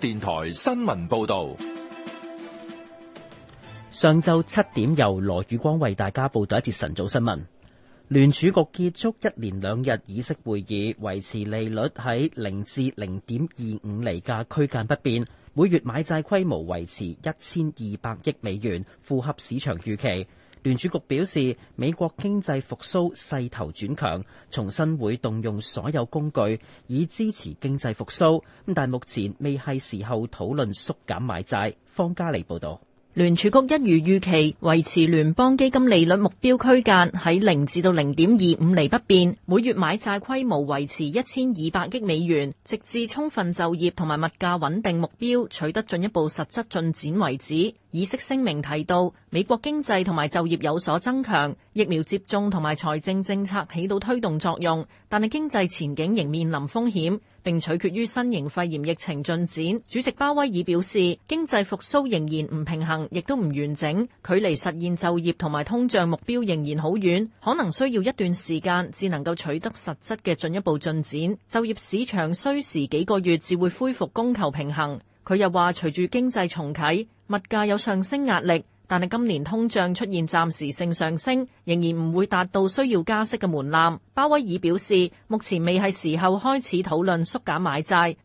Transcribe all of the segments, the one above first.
電台新聞報道：上晝七點，由羅宇光為大家報道一節晨早新聞。聯儲局結束一連兩日議息會議，維持利率喺零至零點二五厘嘅區間不變，每月買債規模維持一千二百億美元，符合市場預期。聯儲局表示，美國經濟復蘇勢頭轉強，重新會動用所有工具以支持經濟復蘇，但目前未係時候討論縮減買債。方家利報道，聯儲局一如預期維持聯邦基金利率目標區間喺零至到零點二五厘不變，每月買債規模維持一千二百億美元，直至充分就業同埋物價穩定目標取得進一步實質進展為止。議息聲明提到，美國經濟同埋就業有所增強，疫苗接種同埋財政政策起到推動作用，但係經濟前景仍面臨風險，並取決於新型肺炎疫情進展。主席鮑威爾表示，經濟復甦仍然唔平衡，亦都唔完整，距離實現就業同埋通脹目標仍然好遠，可能需要一段時間至能夠取得實質嘅進一步進展。就業市場需時幾個月至會恢復供求平衡。佢又話：隨住經濟重啟，物價有上升壓力，但係今年通脹出現暫時性上升，仍然唔會達到需要加息嘅門檻。鮑威爾表示，目前未係時候開始討論縮減買債。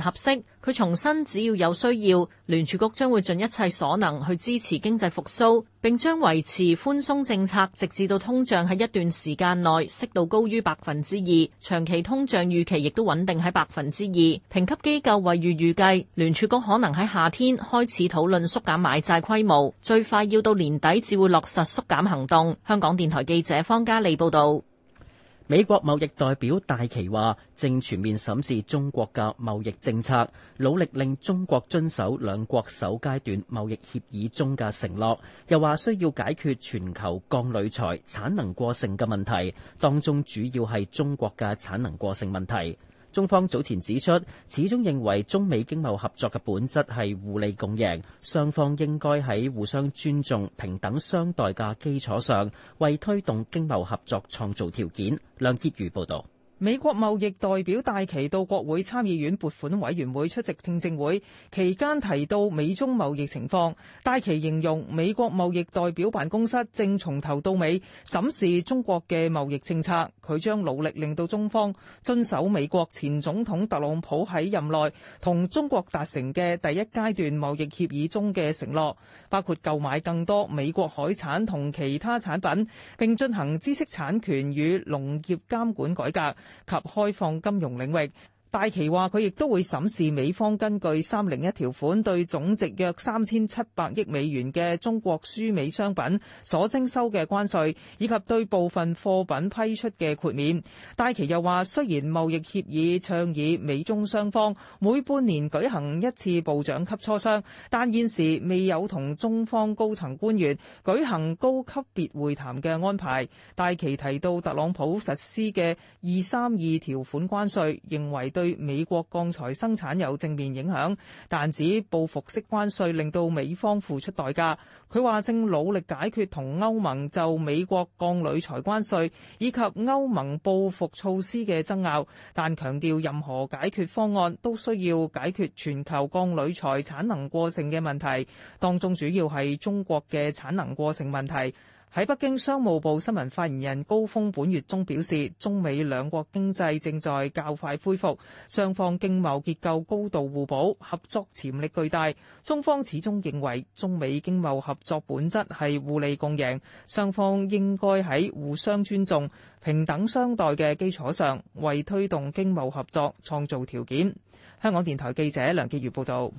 合適佢重申，只要有需要，聯儲局將會盡一切所能去支持經濟復甦，並將維持寬鬆政策，直至到通脹喺一段時間內適度高於百分之二，長期通脹預期亦都穩定喺百分之二。評級機構惠譽預計，聯儲局可能喺夏天開始討論縮減買債規模，最快要到年底至會落實縮減行動。香港電台記者方嘉莉報道。美國貿易代表戴琪話，正全面審視中國嘅貿易政策，努力令中國遵守兩國首階段貿易協議中嘅承諾。又話需要解決全球鋼鋁材產能過剩嘅問題，當中主要係中國嘅產能過剩問題。中方早前指出，始終認為中美經貿合作嘅本質係互利共贏，雙方應該喺互相尊重、平等相待嘅基礎上，為推動經貿合作創造條件。梁潔如報導。美國貿易代表戴琪到國會參議院撥款委員會出席聽證會，期間提到美中貿易情況。戴琪形容美國貿易代表辦公室正從頭到尾審視中國嘅貿易政策，佢將努力令到中方遵守美國前總統特朗普喺任內同中國達成嘅第一階段貿易協議中嘅承諾，包括購買更多美國海產同其他產品，並進行知識產權與農業監管改革，及開放金融領域。戴琪話，佢亦都會審視美方根據三零一條款對總值約三千七百億美元嘅中國輸美商品所徵收嘅關稅，以及對部分貨品批出嘅豁免。戴琪又話，雖然貿易協議倡議議美中雙方每半年舉行一次部長級磋商，但現時未有同中方高層官員舉行高級別會談嘅安排。戴琪提到特朗普實施嘅二三二條款關稅，認為對美國鋼材生產有正面影響，但指報復式關稅令到美方付出代價。佢話正努力解決同歐盟就美國鋼鋁材關稅以及歐盟報復措施嘅爭拗，但強調任何解決方案都需要解決全球鋼鋁材產能過剩嘅問題，當中主要係中國嘅產能過剩問題。喺北京，商務部新聞發言人高峰本月中表示，中美兩國經濟正在較快恢復，雙方經貿結構高度互補，合作潛力巨大。中方始終認為，中美經貿合作本質係互利共贏，雙方應該喺互相尊重、平等相待嘅基礎上，為推動經貿合作創造條件。香港電台記者梁潔如報道。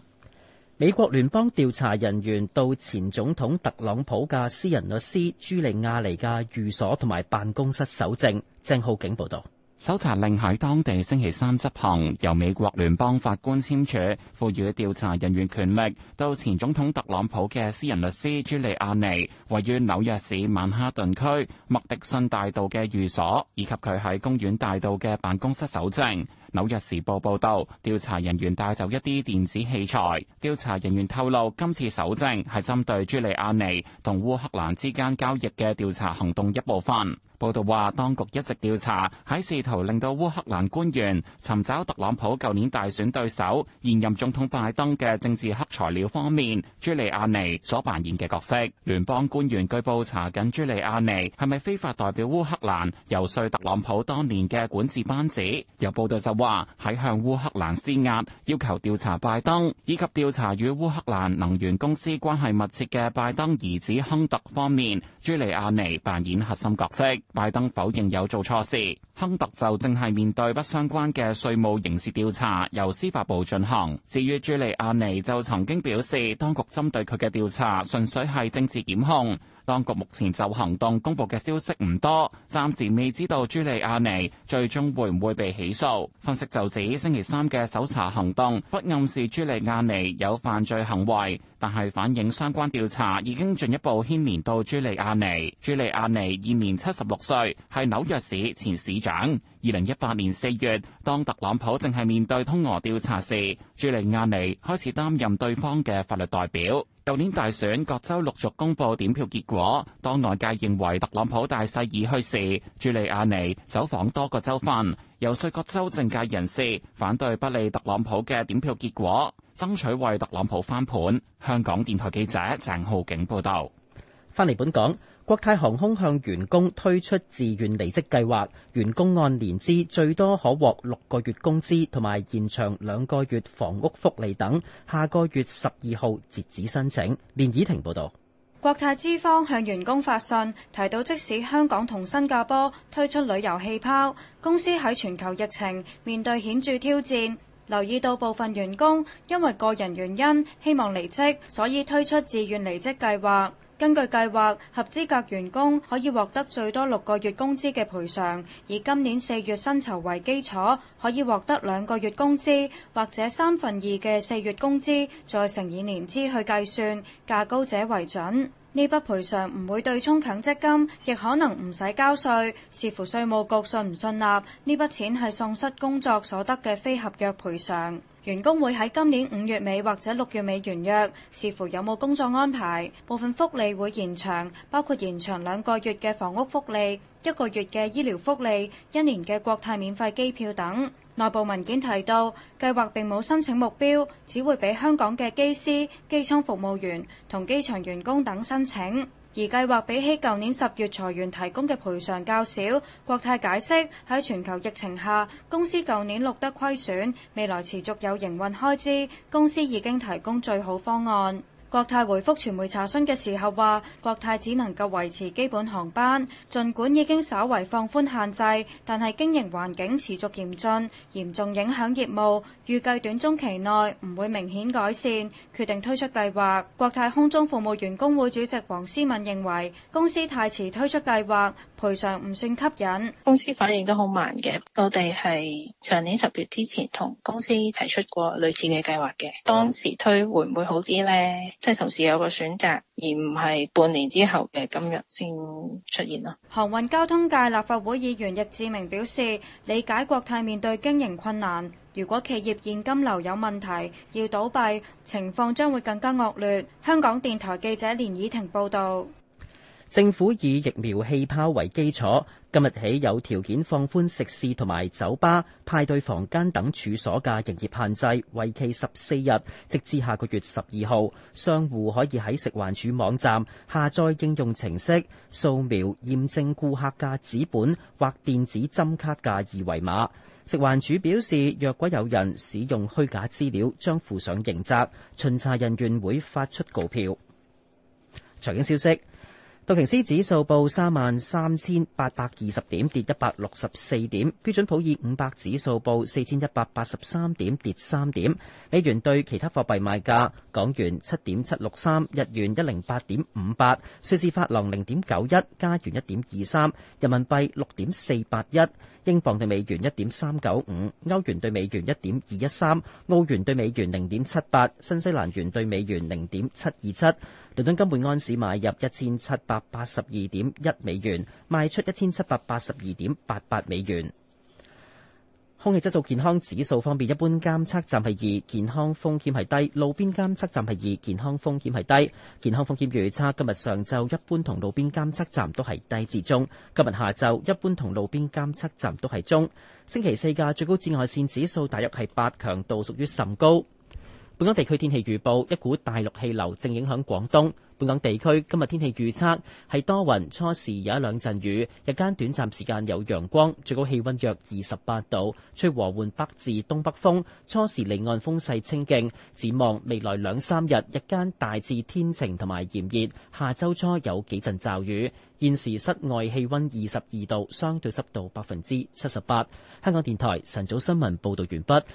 美國聯邦調查人員到前總統特朗普嘅私人律師朱利亞尼嘅寓所同埋辦公室搜證。鄭浩景報道，搜查令喺當地星期三執行，由美國聯邦法官簽署，賦予調查人員權力，到前總統特朗普嘅私人律師朱利亞尼位於紐約市曼哈頓區麥迪遜大道嘅寓所，以及佢喺公園大道嘅辦公室搜證。紐約時報報道，調查人員帶走一啲電子器材。調查人員透露，今次搜證係針對朱利亞尼同烏克蘭之間交易嘅調查行動一部分。報道話，當局一直調查喺試圖令到烏克蘭官員尋找特朗普舊年大選對手現任總統拜登嘅政治黑材料方面，朱利亞尼所扮演嘅角色。聯邦官員據報查緊朱利亞尼係咪非法代表烏克蘭遊說特朗普當年嘅管治班子。有報道就。話喺向烏克蘭施壓，要求調查拜登，以及調查與烏克蘭能源公司關係密切嘅拜登兒子亨特方面，朱利亞尼扮演核心角色。拜登否認有做錯事，亨特就正係面對不相關嘅稅務刑事調查，由司法部進行。至於朱利亞尼就曾經表示，當局針對佢嘅調查純粹係政治檢控。當局目前就行動公佈嘅消息唔多，暫時未知道朱利亞尼最終會唔會被起訴。分析就指，星期三嘅搜查行動不暗示朱利亞尼有犯罪行為，但係反映相關調查已經進一步牽連到朱利亞尼。朱利亞尼現年七十六歲，係紐約市前市長。二零一八年四月，當特朗普正係面對通俄調查時，朱莉亞尼開始擔任對方嘅法律代表。舊年大選，各州陸續公布點票結果，當外界認為特朗普大勢已去時，朱莉亞尼走訪多個州份，遊說各州政界人士反對不利特朗普嘅點票結果，爭取為特朗普翻盤。香港電台記者鄭浩景報道。翻嚟本港。國泰航空向員工推出自願離職計劃，員工按年資最多可獲六個月工資，同埋延長兩個月房屋福利等。下個月十二號截止申請。連以婷報道。國泰資方向員工發信，提到即使香港同新加坡推出旅遊氣泡，公司喺全球疫情面對顯著挑戰，留意到部分員工因為個人原因希望離職，所以推出自願離職計劃。根據計劃，合資格員工可以獲得最多六個月工資嘅賠償，以今年四月薪酬為基礎，可以獲得兩個月工資或者三分二嘅四月工資，再乘以年資去計算，價高者為準。呢筆賠償唔會對沖強積金，亦可能唔使交稅，視乎稅務局信唔信納。呢筆錢係喪失工作所得嘅非合約賠償。員工會喺今年五月尾或者六月尾完約，視乎有冇工作安排。部分福利會延長，包括延長兩個月嘅房屋福利、一個月嘅醫療福利、一年嘅國泰免費機票等。內部文件提到，計劃並冇申請目標，只會俾香港嘅機師、機艙服務員同機場員工等申請。而計劃比起舊年十月裁員提供嘅賠償較少，國泰解釋，喺全球疫情下，公司舊年錄得虧損，未來持續有營運開支，公司已經提供最好方案。國泰回覆傳媒查詢嘅時候話：國泰只能夠維持基本航班，盡管已經稍爲放寬限制，但係經營環境持續嚴峻，嚴重影響業務，預計短中期內唔會明顯改善，決定推出計劃。國泰空中服務員工會主席黃思敏認為，公司太遲推出計劃，賠償唔算吸引。公司反應都好慢嘅，我哋係上年十月之前同公司提出過類似嘅計劃嘅，當時推會唔會好啲呢？即係同時有個選擇，而唔係半年之後嘅今日先出現咯。航運交通界立法會議員易志明表示，理解國泰面對經營困難，如果企業現金流有問題，要倒閉情況將會更加惡劣。香港電台記者連以婷報道。政府以疫苗氣泡為基礎，今日起有條件放寬食肆同埋酒吧、派對房間等處所嘅營業限制，為期十四日，直至下個月十二號。商戶可以喺食環署網站下載應用程式，掃描驗證顧客嘅紙本或電子針卡嘅二維碼。食環署表示，若果有人使用虛假資料，將負上刑責。巡查人員會發出告票。財經消息。道瓊斯指數報三萬三千八百二十點，跌一百六十四點。標準普爾五百指數報四千一百八十三點，跌三點。美元對其他貨幣賣價：港元七點七六三，日元一零八點五八，瑞士法郎零點九一，加元一點二三，人民幣六點四八一，英鎊對美元一點三九五，歐元對美元一點二一三，澳元對美元零點七八，新西蘭元對美元零點七二七。倫敦金每安士買入一千七百八十二點一美元，賣出一千七百八十二點八八美元。空氣質素健康指數方面，一般監測站係二，健康風險係低；路邊監測站係二，健康風險係低。健康風險預測今日上晝一般同路邊監測站都係低至中，今日下晝一般同路邊監測站都係中。星期四嘅最高紫外線指數大約係八，強度屬於甚高。本港地區天氣預報：一股大陸氣流正影響廣東。本港地區今日天氣預測係多雲，初時有一兩陣雨，日間短暫時間有陽光，最高氣温約二十八度，吹和緩北至東北風，初時離岸風勢清勁。展望未來兩三日，日間大致天晴同埋炎熱，下周初有幾陣驟雨。現時室外氣温二十二度，相對濕度百分之七十八。香港電台晨早新聞報道完畢。